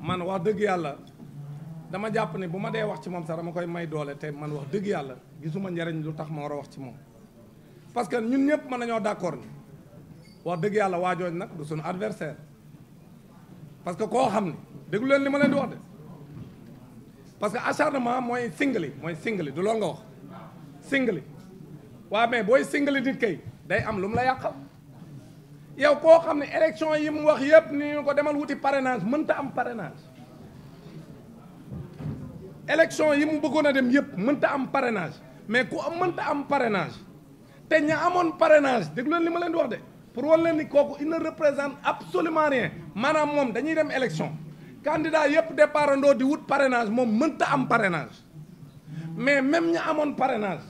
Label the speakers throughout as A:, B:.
A: man wax dëgg yàlla dama jàpp ne bu ma dee wax ci moom sax dama koy may doole te man wax dëgg yàlla gisuma njariñ lu tax ma war a wax ci moom parce que ñun ñëpp mën nañoo d'accord ni wax dëgg yàlla waajooñ nag du suñu adversaire parce que koo xam ne déglu leen li ma leen di wax de parce que acharnement mooy singli mooy singli du loolu nga wax singli waaw mais booy singli nit kay day am lu mu la yàqal yow koo xam ne élection yi mu wax yëpp ni ñu ko demal wuti parrainage mënta am parrainage élection yi mu bëggoon a dem yëpp mënta am parrainage mais ku am mënta am parrainage te ña amoon parenage déglu leen li ma leen di wax de pour wan leen ni kooku il ne représente absolument rien maanaam moom dañuy dem élection candidat yëpp départandoo di wut parrainage moom mënta am parrainage mais même ña amoon parenage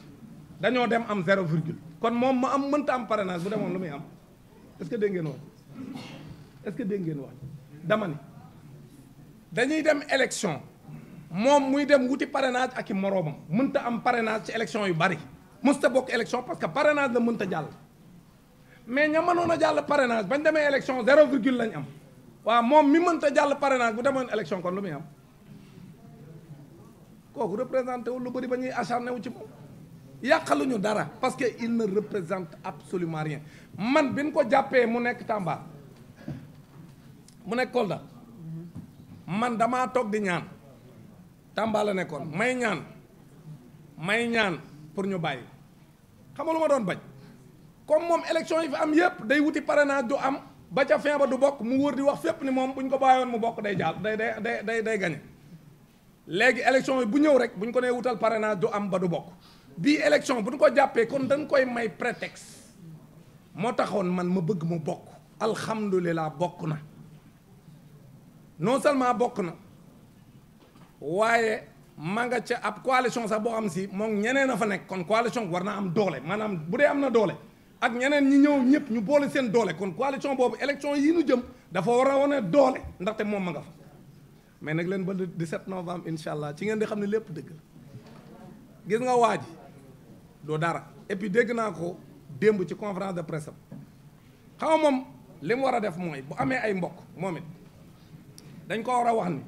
A: dañoo dem am zéro virgule kon moom mu am mënta am parenage bu demoon lu muy am est-ce que dégg ngeen wax ce que dégg ngeen wax dama ne dañuy dem élection moom muy dem wuti parrainage ak i moroomam mënta am parrainage ci élection yu bari mësta bokk élection parce que parrainage la mënta jàll mais ña mënoon a jàll parenage bañ demee élection zéro virgule lañu am waa moom mi mënta jàll parrainage bu demoon élection kon lu muy am kooku représenté wu lu bëri ba ñuy acharné wu ci moom yàqaluñu dara parce que il ne représente absolument rien man bi ñu ko jàppee mu nekk Tamba mu nekk Kolda man damaa toog di ñaan Tamba la nekkoon may ñaan may ñaan pour ñu bàyyi xam nga lu doon bañ comme moom élection yi fi am yépp day wuti naa du am ba ca fin ba du bokk mu wër di wax fépp ni moom bu ñu ko bàyyoon mu bokk day jàll day day day day day gañe léegi élection yi bu ñëw rek bu ñu ko nee wutal parrainage du am ba du bokk bii élection bu ñu ko jàppee kon dañ koy may prétexte moo taxoon man ma bëgg mu bokk alhamdulilah bokk na non seulement bokk na waaye ma nga ca ab coalition sax boo xam si moom ñeneen a fa nekk kon coalition war naa am doole maanaam bu dee am na doole ak ñeneen ñi ñëw ñëpp ñu boole seen doole kon coalition boobu élection yi ñu jëm dafa war a wane doole ndaxte moom ma nga fa mais nag leen ba le 17 novembre incha allah ci ngeen di xam ne lépp dëgg la nga waa ji doo dara et dégg naa ko démb ci conférence de presse am moom li mu war a def mooy bu amee ay mbokk moom it dañ ko war a wax ni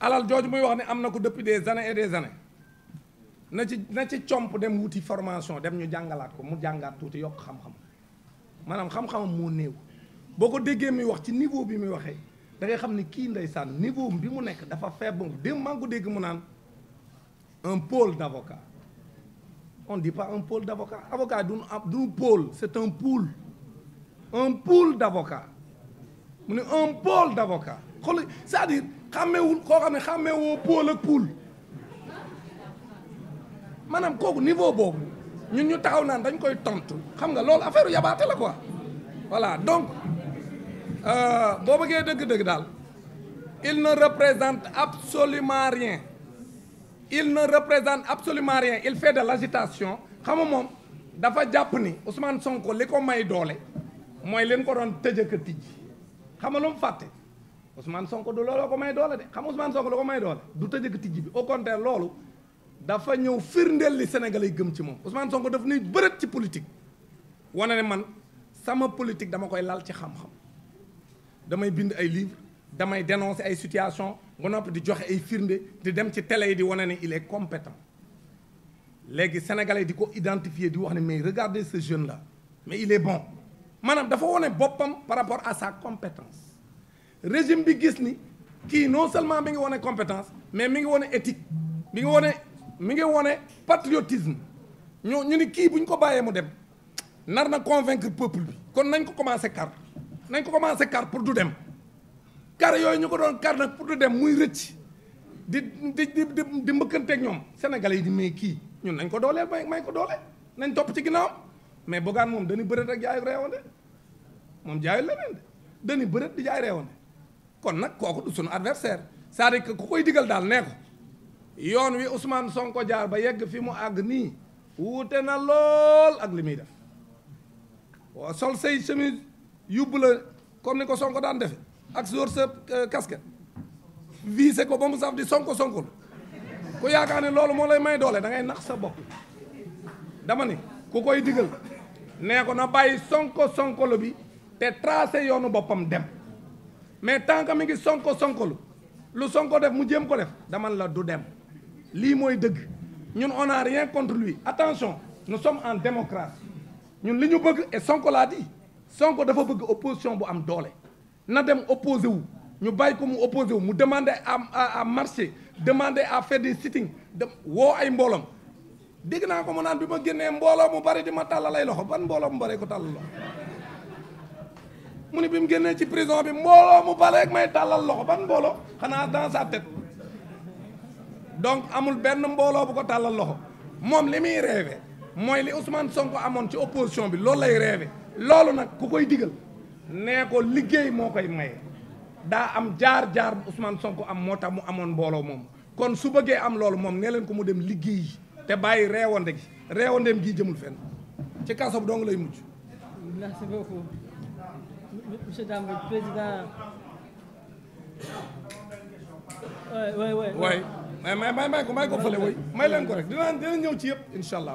A: alal jooju muy wax ni am na ko depuis des années et des années na ci na ci comp dem wuti formation dem ñu jàngalaat ko mu jàngaat tuuti yokk xam-xam maanaam xam-xamam moo néew boo ko déggee muy wax ci niveau bi muy waxee da ngay xam ni kii ndeysaan niveau bi mu nekk dafa faible démb maa ngi ko dégg mu naan un pôle d'avocat on di dit pas un pôle d'avocats avocat du nu pôle c'est un pool un pool d'avocats mu ne un pôle d'avocats xool c'est-à-dire xàmmeewul koo xam ne xàmmeewoo pôle ak pool maanaam kooku niveau boobu ñun ñu taxaw naan dañ koy tontu xam nga loolu affaire yabaate la ko voilà donc euh, boo bëggee dëgg-dëgg daal il ne représente absolument rien il ne représente absolument rien il fait de l'agitation xam nga moom dafa jàpp ni Ousmane Sonko li ko may doole mooy leen ko doon tëj tijj xam nga lu fàtte Ousmane sonk du looloo ko may doole de xam Ousmane Sonko lu ko may doole du tëj ak tijj bi au contraire loolu dafa ñëw firndeel li Sénégalais gëm ci moom Ousmane Sonko daf nuy bërët ci politique wane ne man sama politique dama koy lal ci xam-xam damay bind ay livres damay dénoncer ay situations. nga noppi di joxe ay firnde di dem ci télé yi di wane ne il est compétent léegi sénégalais di ko identifier di wax ne mais regardez ce jeune la mais il est bon maanaam dafa wane boppam par rapport à sa compétence régime bi gis ni kii non seulement mi ngi wane compétence mais mi ngi wane éthique mi ngi wane mi ngi wane patriotisme ñoo ñu ni kii bu ñu ko bàyyee mu dem nar na convaincre peuple bi kon nañ ko commencé kar nañ ko commencé kar pour du dem kar yooyu ñu ko doon kar nag pour du dem muy rëcc di di di di mbëkkanteeg ñoom senegal yi di may kii ñun nañ ko dooleel may may ko doole nañ topp ci ginnaawam mais Bougane moom dañu bëreet ak jaayu reewande moom jaayu leneen de dañu bëreet di jaay reewande kon nag kooku du suñu adversaire c'est-à-dire koy digal daal nee ko yoon wi Ousmane Sonko jaar ba yegg fi mu àgg nii wuute na lool ak li muy def waaw sol say chemise yóbbu la comme ni ko Sonko daan defe ak sóor sa euh, casquette viser ko ba mu saf di sonko sonkul ku yaakaar ne loolu moo lay may doole da ngay nax sa bopp dama ni ku koy digal nee ko na bàyyi sonko sonkolu bi te tracé yoonu boppam dem mais tant que mi ngi sonko sonkolu lu sonko def mu jéem ko def dama la du dem lii mooy dëgg ñun on a rien contre lui attention nous sommes en démocratie ñun li ñu bëgg et sonko laa di sonko dafa bëgg opposition bu am doole na dem opposé wu ñu bàyyi ko mu opposé wu mu demandé à à marché demandé à faire des sitting dem woo ay mbooloom dégg naa ko mu naan bi ma génnee mbooloo mu bari di ma tàllalay loxo ban mbooloo mu bari ko tàllal loxo bi mu génnee ci prison bi mbooloo mu bari may tàllal loxo ban mbooloo xanaa dans sa tête donc amul benn mbooloo bu ko tàllal loxo moom li muy rêvé mooy li Ousmane Sonko amoon ci opposition bi loolu lay rêvé loolu nag ku koy digal. nee ko liggéey moo koy maye daa am jaar-jaar bu Ousmane am moo tax mu amoon mbooloo moom kon su bëggee am loolu moom nee leen ko mu dem liggéey te bàyyi reewande gi reewandeem gi jëmul fen ci kaso bu dong lay mujj. merci beaucoup monsieur Dame président. waay waay waay. may may may ko may ko fële waay may ko rek dina dina ñëw ci yëpp incha allah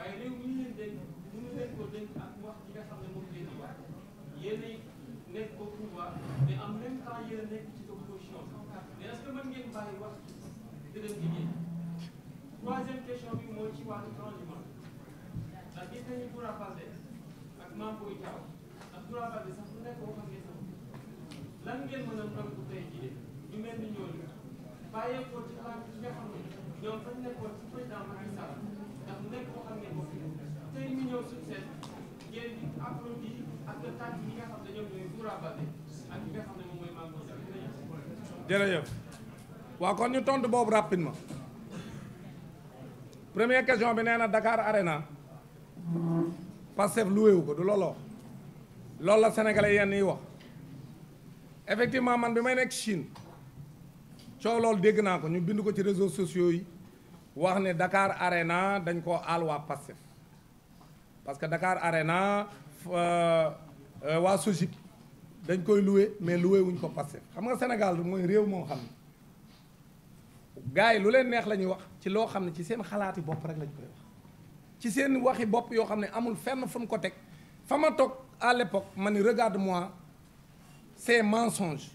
A: waaye réew mi ñu leen dénk mënu leen ko dénk ak wax yi nga xam ne moom leen di wax yéenay nekk au pouvoir mais en même temps yéen a nekk ci opposition mais est-ce que mën ngeen bàyyi wax ci dëgg liggéey troisième question bi mooy ci wàllu transhumance ndax gis nañu Doura Baldé ak Mame Boye Diao ak Doura Baldé sax lu nekk waxoon ngeen sama lan ngeen mën a nangu tey jii ñu mel ni ñooñu bàyyeekoo ci xalaat yi nga xam ne ñoom fañ nekkoon ci président Macky Sall ndax nekk kon ñu tontu boobu ma première question bi nee na Dakar Arena Pastef loué wu ko du looloo loolu la sénégalais yenn yi wax effectivement man bi may nekk chin coo loolu dégg naa ko ñu bind ko ci réseau sociaux yi wax ne Dakar Arena dañ koo aal waa Pastef parce que Dakar Arena euh, waa Sojik dañ koy loué mais loué wuñ ko Pastef xam nga Sénégal mooy réew moo xam ne gars yi lu leen neex la ñuy wax ci loo xam ne ci seen xalaati bopp rek lañ koy wax ci seen waxi bopp yoo xam ne amul fenn fu mu ko teg fa ma toog à l'époque ma ni regarde-moi ces mensonges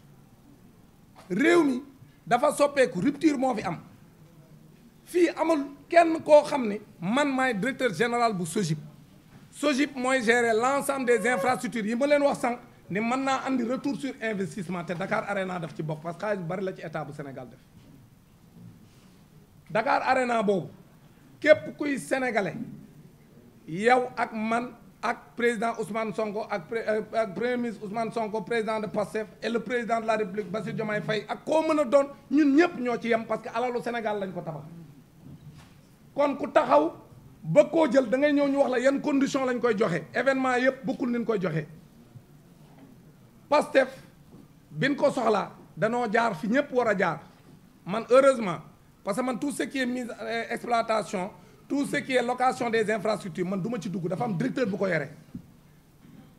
A: réew mi dafa soppeeku rupture moo fi am fii amul kenn koo xam ne man maay directeur général bu SOGIP SOGIP mooy gérer l'ensemble des infrastructures yi ma leen wax sànq ni mën naa andi retour sur investissement te Dakar Arena daf ci bokk parce que xaalis bari la ci état bu Sénégal def Dakar Arena boobu képp kuy sénégalais yow ak man ak président Ousmane Sonko ak euh, ak premier ministre Ousmane Sonko président de Pastef et le président de la République Bassirou Diomaye Faye ak koo mën a doon ñun ñëpp ñoo ci yem parce que alalu Sénégal lañ ko tabax. kon ku taxaw ba koo jël da ngay ñëw ñu wax la yan condition lañ koy joxe événement yëpp bokkul niñ koy joxe bi biñ ko soxlaa danoo jaar fi ñëpp war a jaar man heureusement parce que man tout ce qui est mise euh, exploitation tout ce qui location des infrastructures man duma ci dugg dafa am directeur bu ko yore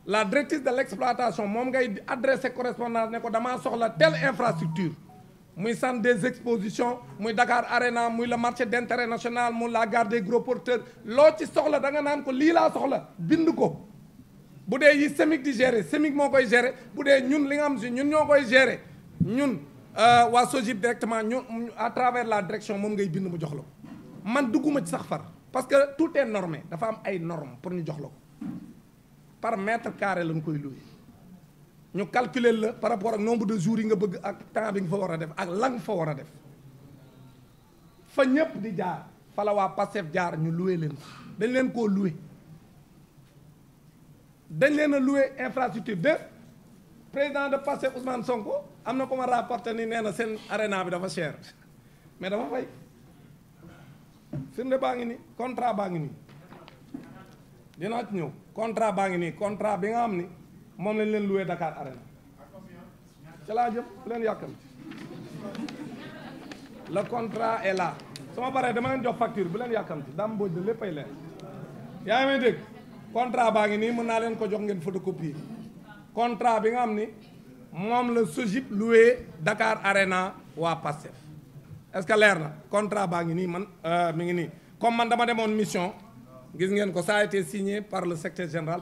A: la directrice de lexploitation exploitation moom ngay adressé correspondance ne ko damaa soxla telle infrastructure muy centre des expositions muy Dakar Arena muy le marché d'intérêt national mu la gare des gros porteurs loo ci soxla danga naan ko lii laa soxla bind ko bu dee yi SEMIC di gérer SEMIC moo koy gérer bu dee ñun li nga xam si ñun ñoo koy gérer ñun euh, waa SOGIP directement ñu à travers la direction moom ngay bind mu jox la ko man dugguma ci sax far parce que tout est normé dafa am ay normes pour ñu jox la ko par mètre la lañ koy loué. ñu calculer la par rapport ak nombre de jours yi nga bëgg ak temps bi nga fa war a def ak la nga fa war a def fa ñëpp di jaar fa la waa Pastef jaar ñu loué leen dañ leen koo loué dañ leen a loué infrastructure de président de Pastef Ousmane Sonko am na ko ma rapporté ni nee na seen arena bi dafa cher mais dafa fay firnde baa ngi nii contrat baa ngi nii dinaa ci ñëw contrat baa ngi nii contrat bi nga xam ni moom lañ leen luwee dakaar Arena ca laa jëm bu leen yàkkam le contrat est là sama paree dama leen jox facture bu leen yàkkamti daam mbooj la ay leer yaa ngi may dégg contrat baa ngi nii mën naa leen ko jox ngeen photocopie contrat bi nga xam ni moom la Sojib loué Dakar Arena waa Pastef est-ce que leer na contrat baa ngi nii man euh, mi ngi nii comme man dama demoon mission gis ngeen ko ça a signé par le secrétaire général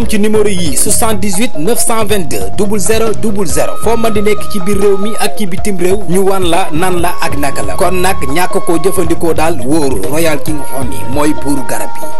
A: ñoom ci numéro yii 78 922 00 00 foo mën di nekk ci biir réew mi ak ci bitim réew ñu wan la nan la ak naka la kon nag ñàkk ko jëfandikoo daal wóoru Royal King Honey mooy buuru garab yi.